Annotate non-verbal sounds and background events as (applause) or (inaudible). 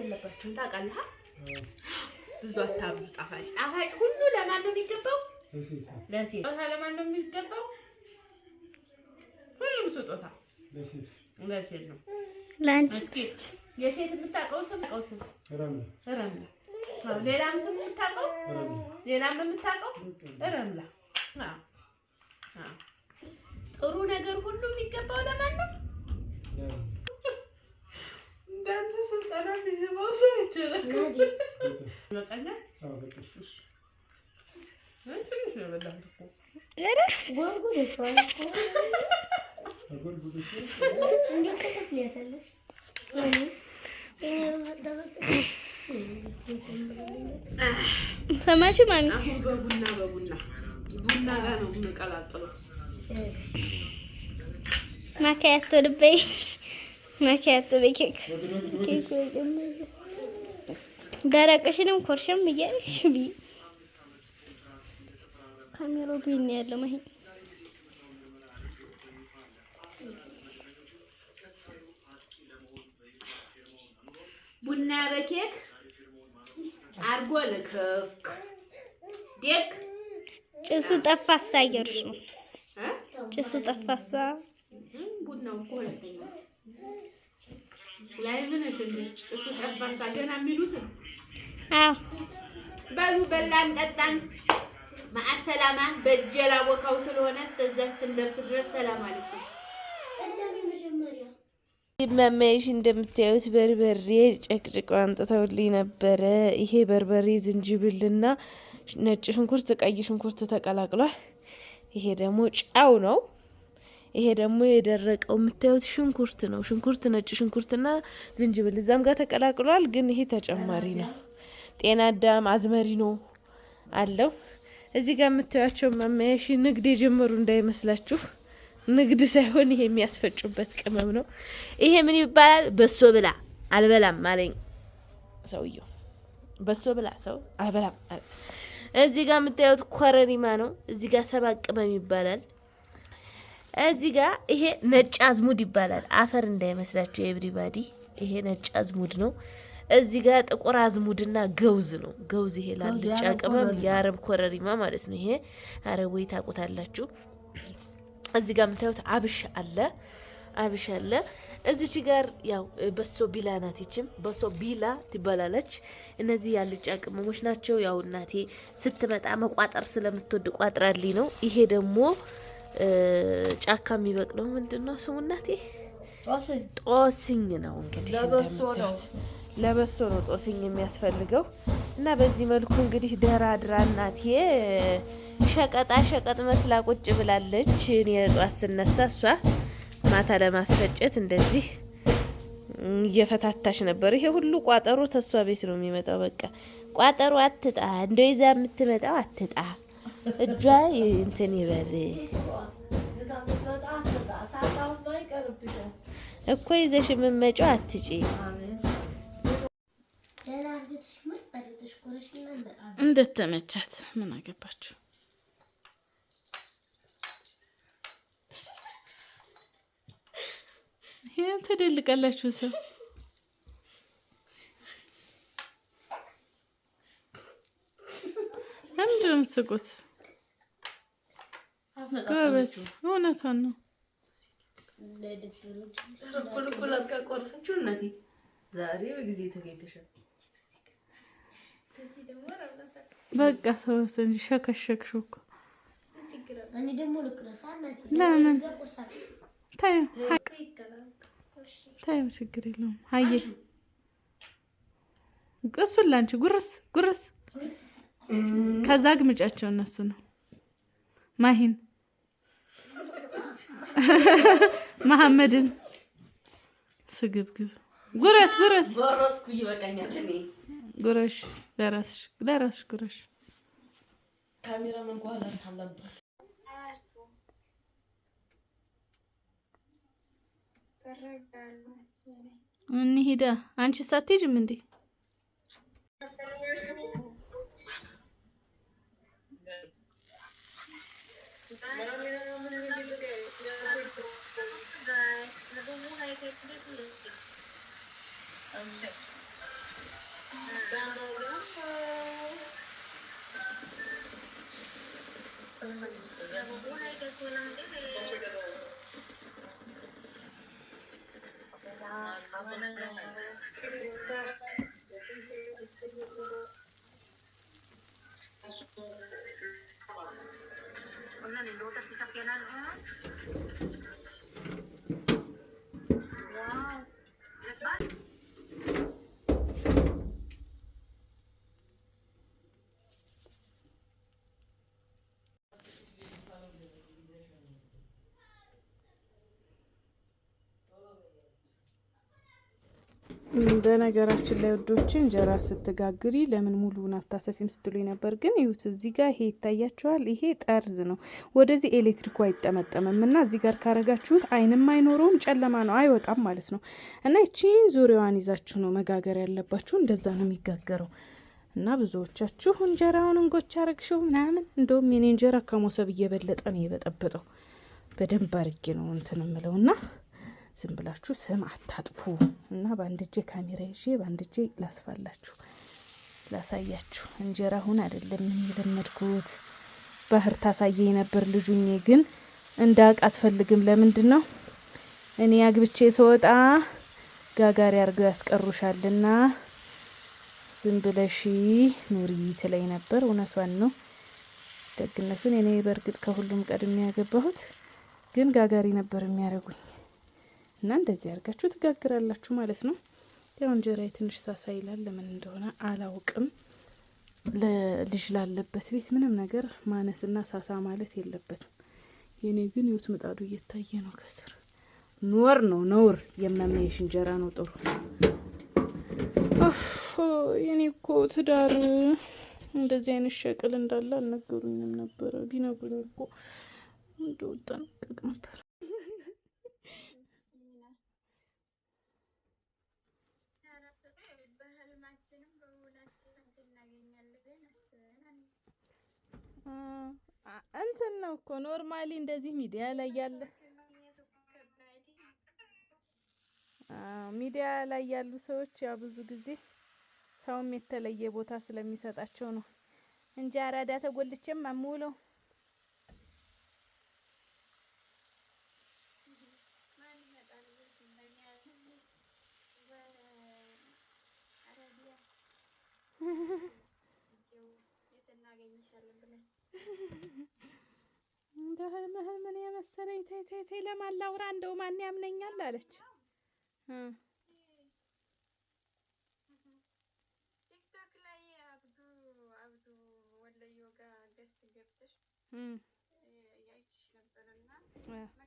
የለባችሁም ታውቃለህ። ብዙ አታብዙ። ጣፋጭ ጣፋጭ ሁሉ ለማን ነው የሚገባው? ለሴት ስጦታ ለማን ነው የሚገባው? ሁሉም ስጦታ ለሴት ነው። ለአንቺ የሴት የምታውቀው ስም ስም ረምላ፣ ሌላም ስም የምታውቀው ሌላም የምታውቀው ረምላ። ጥሩ ነገር ሁሉ የሚገባው ለማን ነው? እንዳንተ ስልጠና የሚገባው ሰው ይችላል። ሰማሽ? ማሚ አሁን በቡና በቡና ቡና ጋር ነው የምንቀላቅለው። ማካያት ወልበይ මැකඇත්තු එක දරකශනම් කොර්ෂම් මිග ශවී කමරෝපීන්නයල්ලමහි ቡና በኬክ አርጎ ልክክ ዴክ ጭሱ ጠፋሳ አየርሽ ነው ጭሱ ጠፋሳ ቡናው እኮ ሁለተኛው ላይ በሉ በላን ጠጣን ማአሰላማ በጀላ ስለሆነ እስከዛ ስትንደርስ ድረስ ሰላም አለኩም። መመሽ እንደምታዩት በርበሬ ጨቅጭቆ አንጥተውልኝ ነበረ። ይሄ በርበሬ ዝንጅብልና ነጭ ሽንኩርት፣ ቀይ ሽንኩርት ተቀላቅሏል። ይሄ ደግሞ ጫው ነው። ይሄ ደግሞ የደረቀው የምታዩት ሽንኩርት ነው። ሽንኩርት ነጭ ሽንኩርትና ዝንጅብል እዛም ጋር ተቀላቅሏል፣ ግን ይሄ ተጨማሪ ነው። ጤና አዳም አዝመሪ ነው አለው። እዚህ ጋር የምታዩቸው መመያሽ ንግድ የጀመሩ እንዳይመስላችሁ፣ ንግድ ሳይሆን ይሄ የሚያስፈጩበት ቅመም ነው። ይሄ ምን ይባላል? በሶ ብላ አልበላም አለኝ ሰውየው። በሶ ብላ ሰው አልበላም አለ። እዚህ ጋር የምታዩት ኮረሪማ ነው። እዚህ ጋር ሰባ ቅመም ይባላል። እዚህ ጋር ይሄ ነጭ አዝሙድ ይባላል። አፈር እንዳይመስላችሁ ኤብሪባዲ፣ ይሄ ነጭ አዝሙድ ነው። እዚህ ጋር ጥቁር አዝሙድና ገውዝ ነው። ገውዝ ይሄ ላልጫ ቅመም፣ የአረብ ኮረሪማ ማለት ነው። ይሄ አረብ ወይ ታቁታላችሁ። እዚህ ጋር የምታዩት አብሽ አለ፣ አብሽ አለ። እዚች ጋር ያው በሶ ቢላ ናት። ይችም በሶ ቢላ ትባላለች። እነዚህ ያልጫ ቅመሞች ናቸው። ያው እናቴ ስትመጣ መቋጠር ስለምትወድ ቋጥራልኝ ነው። ይሄ ደግሞ ጫካ የሚበቅለው ምንድን ነው ስሙ እናቴ? ጦስኝ ነው እንግዲህ ለበሶ ነው ጦስኝ የሚያስፈልገው። እና በዚህ መልኩ እንግዲህ ደራድራ እናቴ ሸቀጣ ሸቀጥ መስላ ቁጭ ብላለች። እኔ ስነሳ እሷ ማታ ለማስፈጨት እንደዚህ እየፈታታች ነበር። ይሄ ሁሉ ቋጠሮ ተሷ ቤት ነው የሚመጣው። በቃ ቋጠሮ አትጣ እንደ ይዛ የምትመጣው አትጣ እጇ እንትን ይበል እኮ ይዘሽ የምመጪው አትጪ እንደተመቻት ምን አገባችሁ? ይህን ተደልቃላችሁ ሰው እንዲሁም ስቁት ጎበዝ፣ እውነቷን ነው። ለድብሩድኩልኩላት ካቆረሰችው እናቴ ዛሬ በጊዜ ተገኝተሻል። በቃ ሰውስ ሸከሸክሽው እኮ ለምን ችግር የለውም። አየ እሱን ላንቺ ጉርስ ጉርስ ከዛ ግምጫቸው እነሱ ነው ማሂን መሐመድን ስግብግብ ጉረስ ጉረስ ጎረስኩ ይበቃኛል። እኔ ጉረሽ ለራስሽ ለራስሽ ጉረሽ ካሜራማን ኳላ ታላብስ እንሂዳ። አንቺ አትሄጂም እንዴ? Oke. mau mulai ke pulang diri. Oigan, luego te fijas que በነገራችን ላይ ወዶች እንጀራ ስትጋግሪ ለምን ሙሉውን አታሰፊም ስትሉኝ ነበር። ግን ይሁት እዚህ ጋር ይሄ ይታያቸዋል። ይሄ ጠርዝ ነው። ወደዚህ ኤሌክትሪኩ አይጠመጠምም እና እዚህ ጋር ካረጋችሁት አይንም አይኖረውም፣ ጨለማ ነው፣ አይወጣም ማለት ነው። እና ይቺን ዙሪያዋን ይዛችሁ ነው መጋገር ያለባችሁ። እንደዛ ነው የሚጋገረው። እና ብዙዎቻችሁ እንጀራውን እንጎች አረግሽው ምናምን። እንደውም የኔ እንጀራ ከሞሰብ እየበለጠ ነው የበጠበጠው። በደንብ አርጌ ነው እንትን እምለው እና ዝም ብላችሁ ስም አታጥፉ እና በአንድ እጄ ካሜራ ይዤ በአንድ እጄ ላስፋላችሁ ላሳያችሁ። እንጀራ ሁን አይደለም የለመድኩት፣ ባህር ታሳየኝ ነበር ልጁኜ፣ ግን እንደ አትፈልግም። ለምንድን ነው እኔ አግብቼ ስወጣ ጋጋሪ አድርገው ያስቀሩሻልና ዝም ብለሽ ኑሪ ትለኝ ነበር። እውነቷን ነው። ደግነቱን እኔ በእርግጥ ከሁሉም ቀድሜ ያገባሁት ግን ጋጋሪ ነበር የሚያደርጉኝ። እና እንደዚህ አድርጋችሁ ትጋግራላችሁ ማለት ነው። ያው እንጀራ ትንሽ ሳሳ ይላል፣ ለምን እንደሆነ አላውቅም። ለልጅ ላለበት ቤት ምንም ነገር ማነስና ሳሳ ማለት የለበትም። የኔ ግን ይሁት ምጣዱ እየታየ ነው ከስር ኖር ነው ነውር የማመየሽ እንጀራ ነው ጥሩ ኦፍ የኔ እኮ ትዳር እንደዚህ አይነት ሸቅል እንዳለ አልነገሩኝም ነበረ። ቢነግሩኝ እኮ እንደወጣ ነቀቅ ነበር። ኖርማሊ እንደዚህ ሚዲያ ላይ ያለ ሚዲያ ላይ ያሉ ሰዎች ያው ብዙ ጊዜ ሰውም የተለየ ቦታ ስለሚሰጣቸው ነው እንጂ አራዳ ተጎልቼም አምውለው (laughs) (laughs) እንደ ህልም ህልምን የመሰለኝ ተይ ተይ ተይ ለማን ላውራ እንደው ማን ያምነኛል አለች ቲክቶክ ላይ አብዱ አብዱ ወለዮ ጋር ገስት ገብተሽ ያይችሽ ነበርና